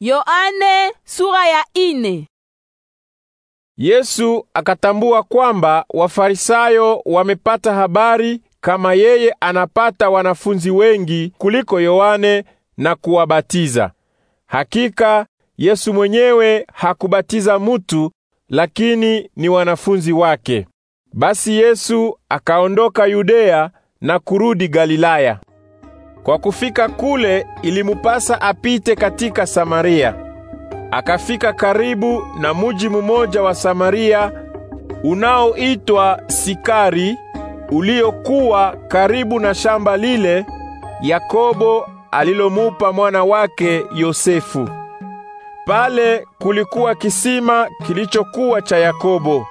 Yoane sura ya ine. Yesu akatambua kwamba Wafarisayo wamepata habari kama yeye anapata wanafunzi wengi kuliko Yoane na kuwabatiza. Hakika Yesu mwenyewe hakubatiza mutu, lakini ni wanafunzi wake. Basi Yesu akaondoka Yudea na kurudi Galilaya. Kwa kufika kule ilimupasa apite katika Samaria. Akafika karibu na muji mmoja wa Samaria unaoitwa Sikari uliokuwa karibu na shamba lile Yakobo alilomupa mwana wake Yosefu. Pale kulikuwa kisima kilichokuwa cha Yakobo.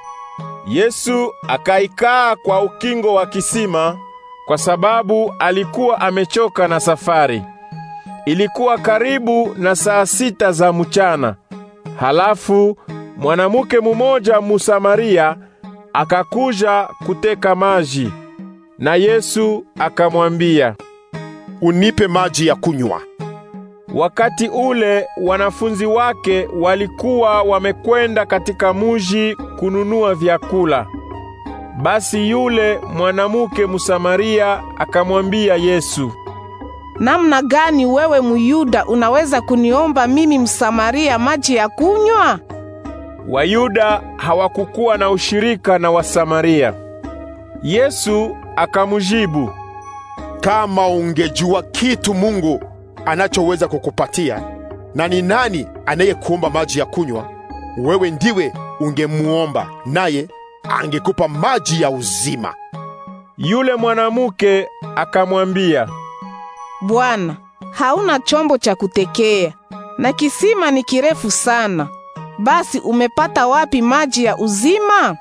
Yesu akaikaa kwa ukingo wa kisima kwa sababu alikuwa amechoka na safari. Ilikuwa karibu na saa sita za mchana. Halafu mwanamke mumoja Musamaria akakuja kuteka maji, na Yesu akamwambia, unipe maji ya kunywa. Wakati ule wanafunzi wake walikuwa wamekwenda katika muji kununua vyakula. Basi yule mwanamke Msamaria akamwambia Yesu, namna gani wewe Myuda unaweza kuniomba mimi Msamaria maji ya kunywa? Wayuda hawakukuwa na ushirika na Wasamaria. Yesu akamjibu, kama ungejua kitu Mungu anachoweza kukupatia na ni nani anayekuomba maji ya kunywa, wewe ndiwe ungemuomba naye angekupa maji ya uzima. Yule mwanamke akamwambia, Bwana, hauna chombo cha kutekea na kisima ni kirefu sana, basi umepata wapi maji ya uzima?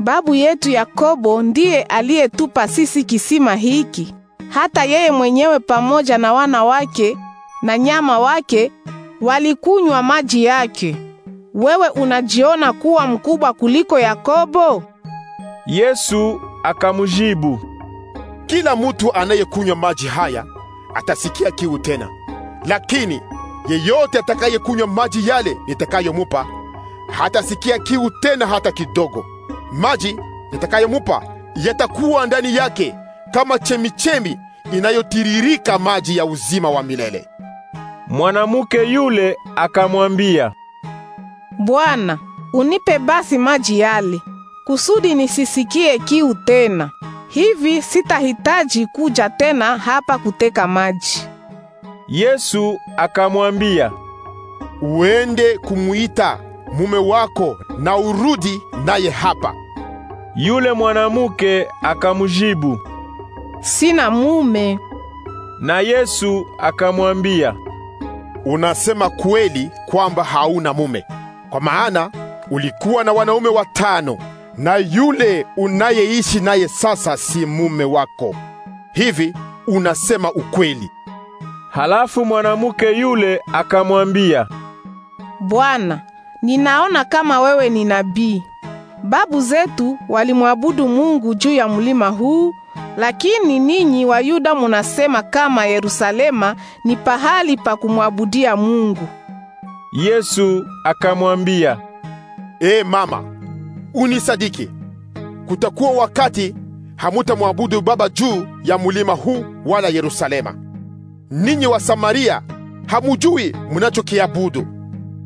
Babu yetu Yakobo ndiye aliyetupa sisi kisima hiki, hata yeye mwenyewe pamoja na wana wake na nyama wake walikunywa maji yake. Wewe unajiona kuwa mkubwa kuliko Yakobo? Yesu akamjibu, kila mutu anayekunywa maji haya atasikia kiu tena, lakini yeyote atakayekunywa maji yale nitakayomupa hatasikia kiu tena hata kidogo. Maji nitakayomupa yatakuwa ndani yake kama chemichemi inayotiririka maji ya uzima wa milele. Mwanamke yule akamwambia, Bwana, unipe basi maji yale kusudi nisisikie kiu tena. Hivi sitahitaji kuja tena hapa kuteka maji. Yesu akamwambia, uende kumuita mume wako na urudi naye hapa. Yule mwanamke akamjibu, sina mume. Na Yesu akamwambia, unasema kweli kwamba hauna mume, kwa maana ulikuwa na wanaume watano na yule unayeishi naye sasa si mume wako. Hivi unasema ukweli. Halafu mwanamke yule akamwambia, Bwana, ninaona kama wewe ni nabii. Babu zetu walimwabudu Mungu juu ya mlima huu, lakini ninyi Wayuda munasema kama Yerusalema ni pahali pa kumwabudia Mungu. Yesu akamwambia, ee mama, unisadiki. Kutakuwa wakati hamutamwabudu Baba juu ya mulima huu wala Yerusalema. Ninyi wa Samaria hamujui mnachokiabudu.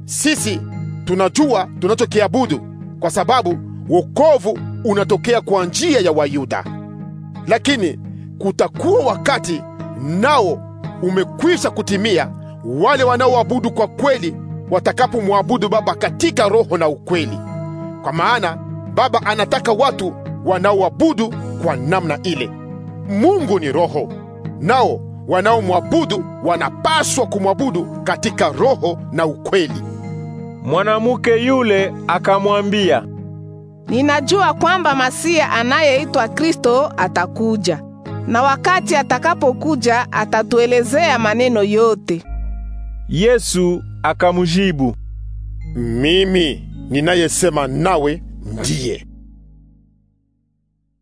Sisi tunajua tunachokiabudu kwa sababu wokovu unatokea kwa njia ya Wayuda. Lakini kutakuwa wakati nao umekwisha kutimia, wale wanaoabudu kwa kweli watakapomwabudu Baba katika roho na ukweli. Kwa maana Baba anataka watu wanaoabudu kwa namna ile. Mungu ni roho, nao wanaomwabudu wanapaswa kumwabudu katika roho na ukweli. Mwanamke yule akamwambia, ninajua kwamba Masia anayeitwa Kristo atakuja, na wakati atakapokuja atatuelezea maneno yote. Yesu akamjibu, mimi ninayesema nawe ndiye.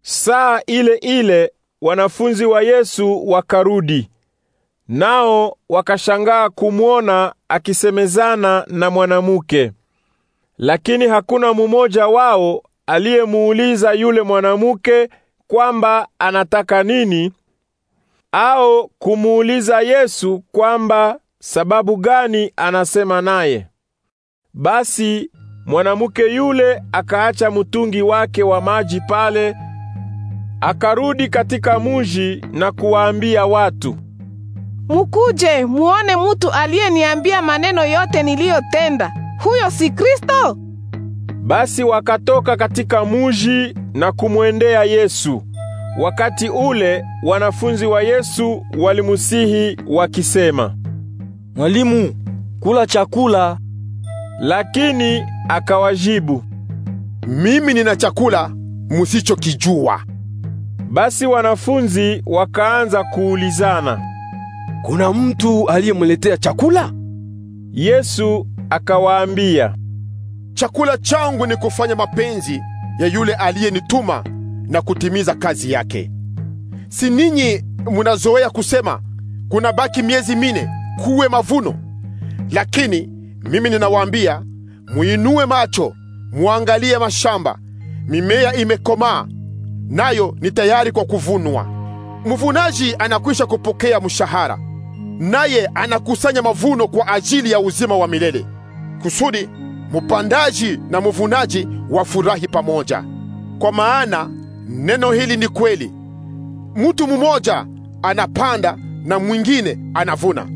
Saa ile ile wanafunzi wa Yesu wakarudi, nao wakashangaa kumwona akisemezana na mwanamke, lakini hakuna mumoja wao aliyemuuliza yule mwanamke kwamba anataka nini au kumuuliza Yesu kwamba sababu gani anasema naye. Basi Mwanamke yule akaacha mtungi wake wa maji pale, akarudi katika muji na kuwaambia watu, mukuje muone mutu aliyeniambia maneno yote niliyotenda. Huyo si Kristo? Basi wakatoka katika muji na kumwendea Yesu. Wakati ule wanafunzi wa Yesu walimusihi wakisema, Mwalimu, kula chakula. Lakini akawajibu, mimi nina chakula musichokijua. Basi wanafunzi wakaanza kuulizana, kuna mtu aliyemletea chakula? Yesu akawaambia, chakula changu ni kufanya mapenzi ya yule aliyenituma na kutimiza kazi yake. Si ninyi munazoea kusema kuna baki miezi mine kuwe mavuno? Lakini mimi ninawaambia, muinue macho, muangalie mashamba, mimea imekomaa, nayo ni tayari kwa kuvunwa. Mvunaji anakwisha kupokea mshahara, naye anakusanya mavuno kwa ajili ya uzima wa milele, kusudi mupandaji na mvunaji wafurahi pamoja. Kwa maana neno hili ni kweli, mtu mmoja anapanda na mwingine anavuna.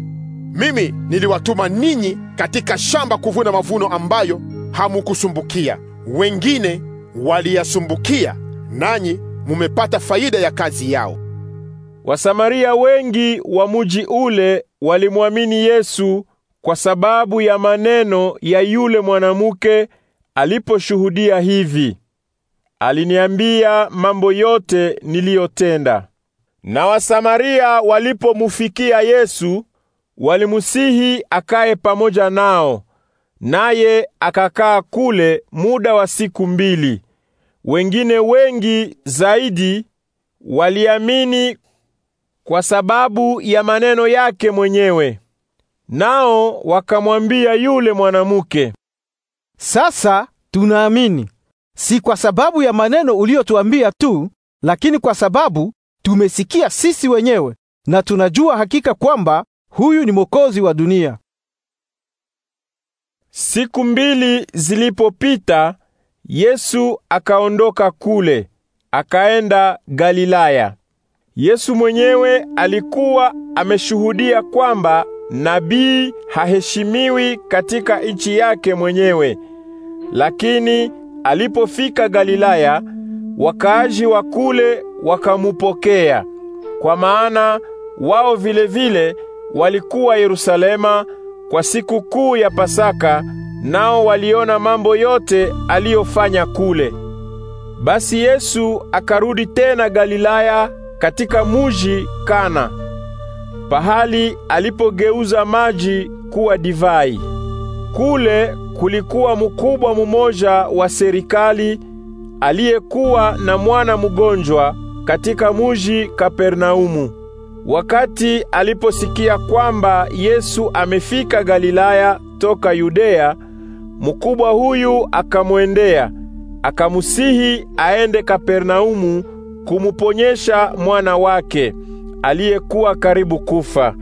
Mimi niliwatuma ninyi katika shamba kuvuna mavuno ambayo hamukusumbukia, wengine waliyasumbukia, nanyi mumepata faida ya kazi yao. Wasamaria wengi wa muji ule walimwamini Yesu kwa sababu ya maneno ya yule mwanamke aliposhuhudia hivi: Aliniambia mambo yote niliyotenda. Na Wasamaria walipomufikia Yesu walimusihi akae pamoja nao, naye akakaa kule muda wa siku mbili. Wengine wengi zaidi waliamini kwa sababu ya maneno yake mwenyewe, nao wakamwambia yule mwanamke, sasa tunaamini, si kwa sababu ya maneno uliyotuambia tu, lakini kwa sababu tumesikia sisi wenyewe na tunajua hakika kwamba Huyu ni mwokozi wa dunia. Siku mbili zilipopita, Yesu akaondoka kule, akaenda Galilaya. Yesu mwenyewe alikuwa ameshuhudia kwamba nabii haheshimiwi katika nchi yake mwenyewe. Lakini alipofika Galilaya, wakaaji wa kule wakamupokea, kwa maana wao vilevile vile walikuwa Yerusalema kwa siku kuu ya Pasaka, nao waliona mambo yote aliyofanya kule. Basi Yesu akarudi tena Galilaya katika muji Kana, pahali alipogeuza maji kuwa divai. Kule kulikuwa mkubwa mmoja wa serikali aliyekuwa na mwana mgonjwa katika muji Kapernaumu. Wakati aliposikia kwamba Yesu amefika Galilaya toka Yudea, mkubwa huyu akamwendea, akamusihi aende Kapernaumu kumuponyesha mwana wake aliyekuwa karibu kufa.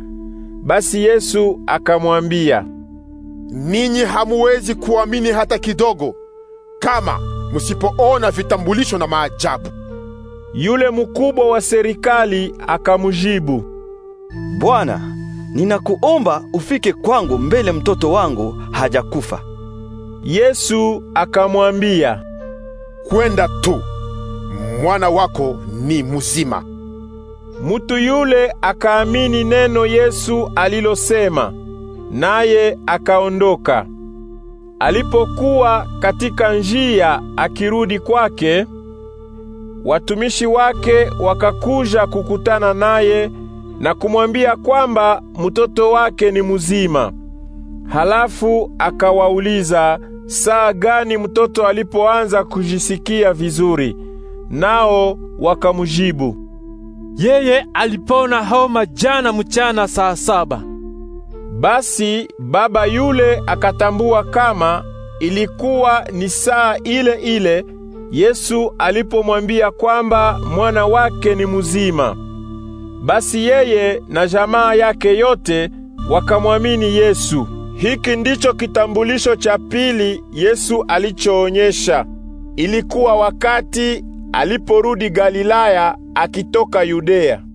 Basi Yesu akamwambia, ninyi hamuwezi kuamini hata kidogo, kama musipoona vitambulisho na maajabu. Yule mkubwa wa serikali akamjibu, Bwana, ninakuomba ufike kwangu mbele mtoto wangu hajakufa. Yesu akamwambia, Kwenda tu. Mwana wako ni mzima. Mtu yule akaamini neno Yesu alilosema, naye akaondoka. Alipokuwa katika njia akirudi kwake, watumishi wake wakakuja kukutana naye na kumwambia kwamba mtoto wake ni mzima. Halafu akawauliza saa gani mtoto alipoanza kujisikia vizuri, nao wakamjibu, yeye alipona homa jana mchana saa saba. Basi baba yule akatambua kama ilikuwa ni saa ile ile Yesu alipomwambia kwamba mwana wake ni mzima. Basi yeye na jamaa yake yote wakamwamini Yesu. Hiki ndicho kitambulisho cha pili Yesu alichoonyesha. Ilikuwa wakati aliporudi Galilaya akitoka Yudea.